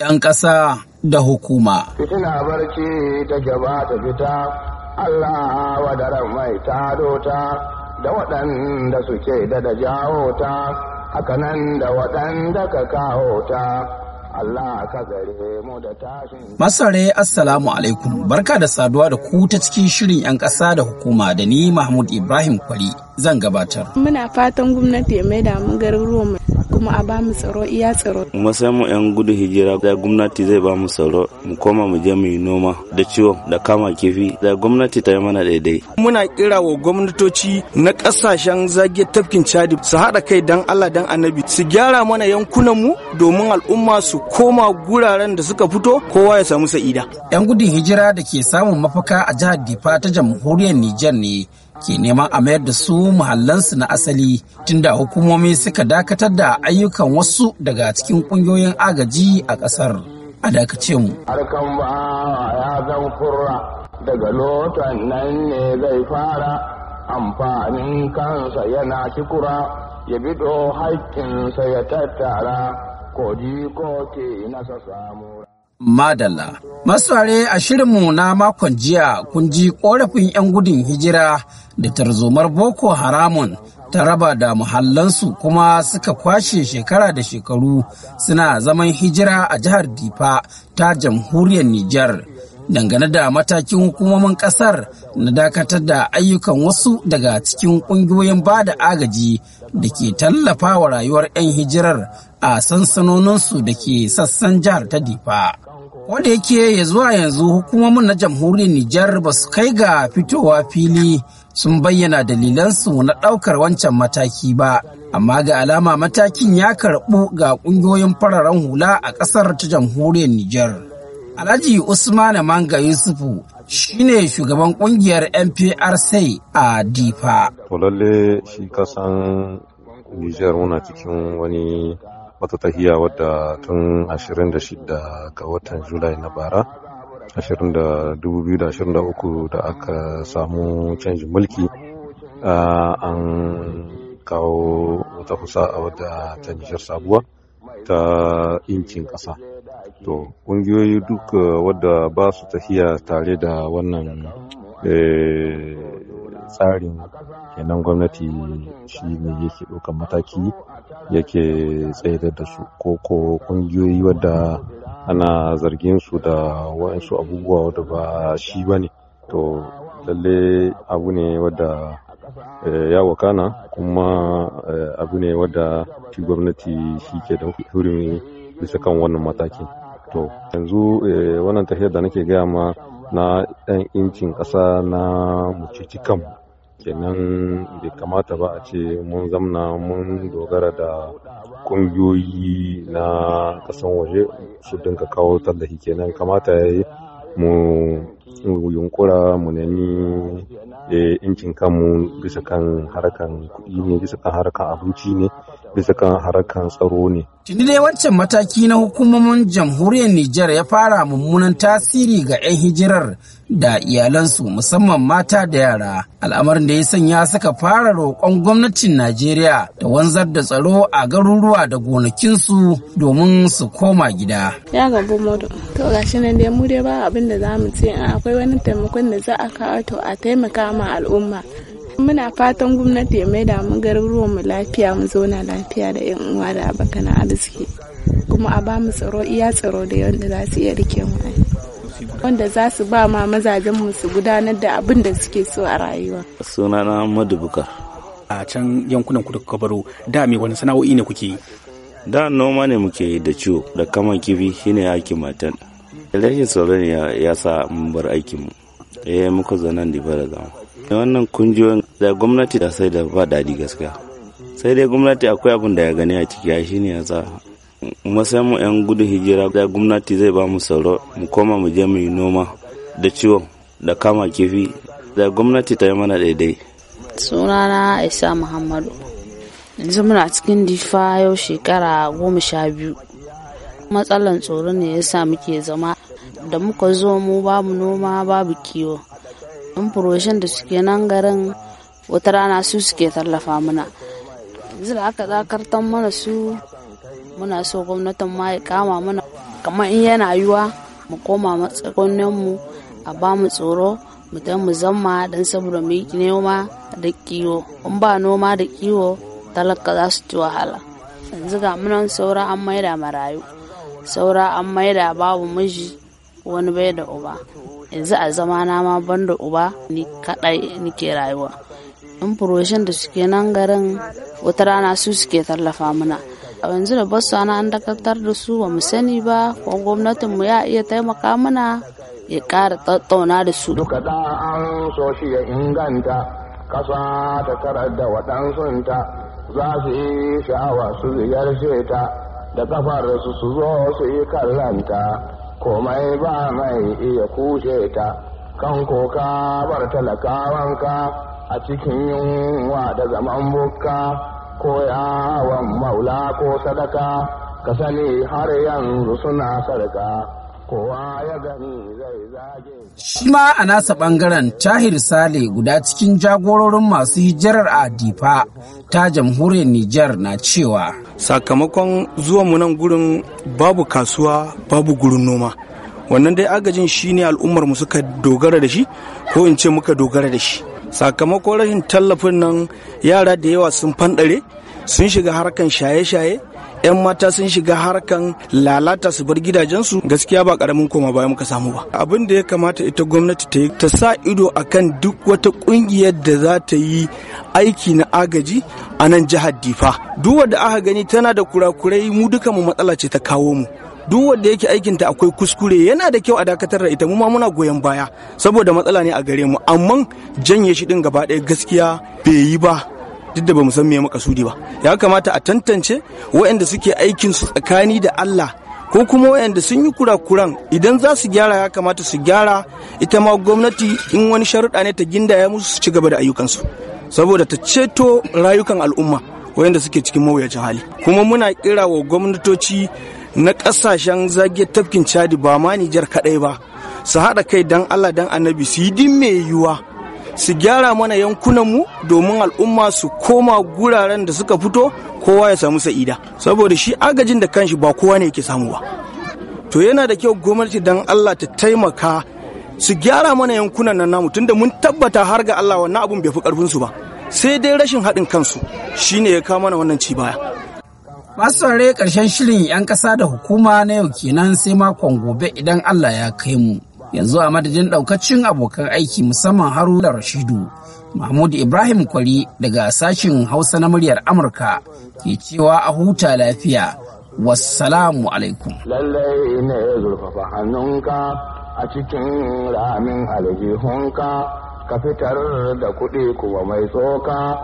'yan ƙasa da hukuma. Fitina barci ta gaba ta fita, Allah wadaran mai ta dota da waɗanda suke da da jawo ta, nan da waɗanda ka kawo ta. allah ka gare mu da Masare Assalamu alaikum barka da saduwa da ku ta cikin shirin 'yan ƙasa da hukuma da ni Mahmud Ibrahim Kwari zan gabatar. Muna fatan gwamnati ya maida mu roma kuma a bamu tsaro iya tsaro. sai mu 'yan gudun hijira da gwamnati zai bamu tsaro mu koma mu je mu yi noma da ciwon da kama kifi da gwamnati ta yi mana daidai. Muna kira wa gwamnatoci na ƙasashen zage tafkin Chad su haɗa kai dan Allah dan Annabi su gyara mana yankunan mu domin al'umma su koma guraren da suka fito kowa ya samu sa'ida. 'Yan gudun hijira da ke samun mafaka a jihar Difa ta jamhuriyar Nijar ne ke neman a mayar da su muhallansu na asali tunda hukumomi suka dakatar da ayyukan wasu daga cikin kungiyoyin agaji a kasar a dakace mu arkan ba ya zan kurra daga lotan nan ne zai fara amfanin kansa yana kikura ya bido haƙƙinsa ya tattara ko ke nasa samu Madalla. Masuware a shirinmu na makon jiya kun ji korafin 'yan gudun hijira da tarzomar Boko Haramun ta raba da muhallansu kuma suka kwashe shekara da shekaru suna zaman hijira a jihar Difa ta jamhuriyar Nijar. dangane da matakin hukumomin kasar na dakatar da ayyukan wasu daga cikin kungiyoyin ba da agaji da ke tallafa wa rayuwar 'yan hijirar a sansanoninsu da ke sassan jihar ta difa wanda yake ya zuwa yanzu hukumomin na jamhuriyar nijar ba su kai ga fitowa fili sun bayyana dalilansu na ɗaukar wancan mataki ba amma ga alama matakin ya karɓu ga ƙungiyoyin fararen hula a ƙasar ta jamhuriyar nijar Alhaji Usman Manga Yusufu shine shugaban kungiyar NPRC a Difa. To lalle shi kasan Nijar muna cikin wani wata tahiya wadda tun 26 ga watan Julai na bara 2023 da aka samu canjin mulki an kawo wata kusa a wata ta Nijar sabuwa ta inkin ƙasa. To, ƙungiyoyi duk wadda ba su tafiya tare da wannan eh, tsarin kenan gwamnati shi ne yake ɗaukan mataki yake tsaidar da su ko ko ƙungiyoyi wadda ana zargin su da waɗansu abubuwa wadda ba shi ba ne to lalle abu ne wadda eh, ya wakana kuma eh, abu ne wadda shi gwamnati shi ke da hurumi bisa kan wannan matakin to yanzu eh, wannan tafiyar da nake gaya ma na yan incin ƙasa na mucici kenan bai kamata ba a ce mun zamna mun dogara da ƙungiyoyi na ƙasan waje su dinka kawo tallafi kenan kamata ya yi mu yunkura mu nemi eh, incin kanmu bisa kan harkan kuɗi abinci ne bisa kan harakan tsaro ne. Tuni dai wancan mataki na hukumomin jamhuriyar Nijar ya fara mummunan tasiri ga 'yan hijirar da iyalansu musamman mata da yara. Al'amarin da ya sanya suka fara roƙon gwamnatin Najeriya da wanzar da tsaro a garuruwa da gonakinsu domin su koma gida. Ya gabu modo, to shi nan dai mu dai ba abin da za mu ce akwai wani taimakon da za a kawo to a taimaka ma al'umma. Muna fatan gwamnati ya maida mu garuruwan mu lafiya mu zauna lafiya da 'yan uwa da abokan arziki. Kuma a ba mu tsaro iya tsaro da yadda za su iya rike mu wanda za su ba ma mazajen mu su gudanar da abin da suke so a rayuwa. Sunana madubuka. A can yankunan kudu kuka baro da me wani sana'o'i ne kuke yi? Da noma ne muke yi da ciwo da kaman kifi shine aikin matan. Rashin tsaro ne ya sa mun bar aikin mu. Eh muka zo nan da bara zama. da wannan kungiyoyin da gwamnati da sai da ba daɗi gaskiya sai dai gwamnati akwai abin da ya gani a ciki shi shine ya sa mu yan gudun hijira da gwamnati zai ba mu sauro mu koma mu je mu yi noma da ciwo da kama kifi da gwamnati ta yi mana daidai sunana isa muhammadu yanzu muna cikin difa yau shekara goma sha biyu matsalan tsoro ne ya sa muke zama da muka zo mu babu noma babu kiwo sababbin furoshin da suke nan garin wata rana su suke tallafa mana yanzu da aka zakartan mana su muna so gwamnatin ma ya kama mana kamar in yana yiwa mu koma mu a ba mu tsoro mu ta mu zama, don saboda mu yi noma da kiwo in ba noma da kiwo talaka za su ci wahala yanzu ga munan saura an maida marayu saura an maida babu miji wani bai da uba yanzu a zama na ma ban da uba ni kadai nike rayuwa in furoshin da suke nan garin wata rana su suke tallafa mana a yanzu da basu ana an dakatar da su ba mu sani ba ko gwamnatin mu ya iya taimaka mana ya kara tattauna da su duka da an so shi ya inganta kasa ta karar da waɗansunta za su yi sha'awa su ziyarce ta da kafar su su zo su yi kallanta komai ba mai iya kushe ta kan koka bar talakawanka a cikin yunwa da zaman bukka ko yawon maula ko sadaka ka sani har yanzu suna sarka. Shi ma a nasa ɓangaren Tahir Sale guda cikin jagororin masu hijirar a Difa ta jamhuriyar Nijar na cewa. Sakamakon mu nan gurin babu kasuwa babu gurin noma. Wannan dai agajin shi ne mu suka dogara da shi ko in ce muka dogara da shi. Sakamakon rashin tallafin nan yara da yawa sun fanɗare. sun shiga harkan shaye-shaye 'yan mata sun shiga harkan lalata su bar gidajensu gaskiya ba karamin koma baya muka samu ba abin da ya kamata ita gwamnati ta yi ta sa ido akan duk wata kungiyar da za ta yi aiki na agaji a nan jihar difa duk wanda aka gani tana da kurakurai mu duka mu matsala ce ta kawo mu duk wanda yake aikin ta akwai kuskure yana da kyau a dakatar da ita mu ma muna goyon baya saboda matsala ne a gare mu amma janye shi din gaba ɗaya gaskiya bai yi ba duk da bamu san me makasudi ba ya kamata a tantance waɗanda suke aikin su tsakani da Allah ko kuma waɗanda sun yi kurakuran idan za su gyara ya kamata su gyara ita ma gwamnati in wani sharuɗa ne ta gindaya musu su ci gaba da ayyukansu saboda ta ceto rayukan al'umma waɗanda suke cikin mawuyacin hali kuma muna kira wa gwamnatoci na ƙasashen zage tafkin cadi ba ma nijar kaɗai ba su haɗa kai dan Allah dan annabi su yi din mai yiwuwa su gyara mana yankunanmu domin al'umma su koma guraren da suka fito kowa ya samu sa'ida saboda shi agajin da kanshi ba kowa ne yake samu ba to yana da kyau gwamnati dan Allah ta taimaka su gyara mana yankunan nan namu tunda mun tabbata har ga Allah wannan abun bai fi karfin su ba sai dai rashin haɗin kansu shine ya kawo mana wannan ci baya masu karshen shirin 'yan ƙasa da hukuma na yau kenan sai makon gobe idan Allah ya kai mu yanzu a madadin daukacin abokan aiki musamman haruna rashidu mahmud ibrahim kwari daga sashin hausa na muryar amurka ke cewa a huta lafiya wassalamu alaikum lallai ne zurfafa hannunka a cikin ramin aljihunka ka fitar da kuɗi kuma mai tsoka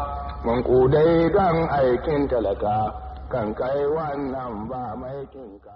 kudai don aikin talaka kan kai wannan ba maikinka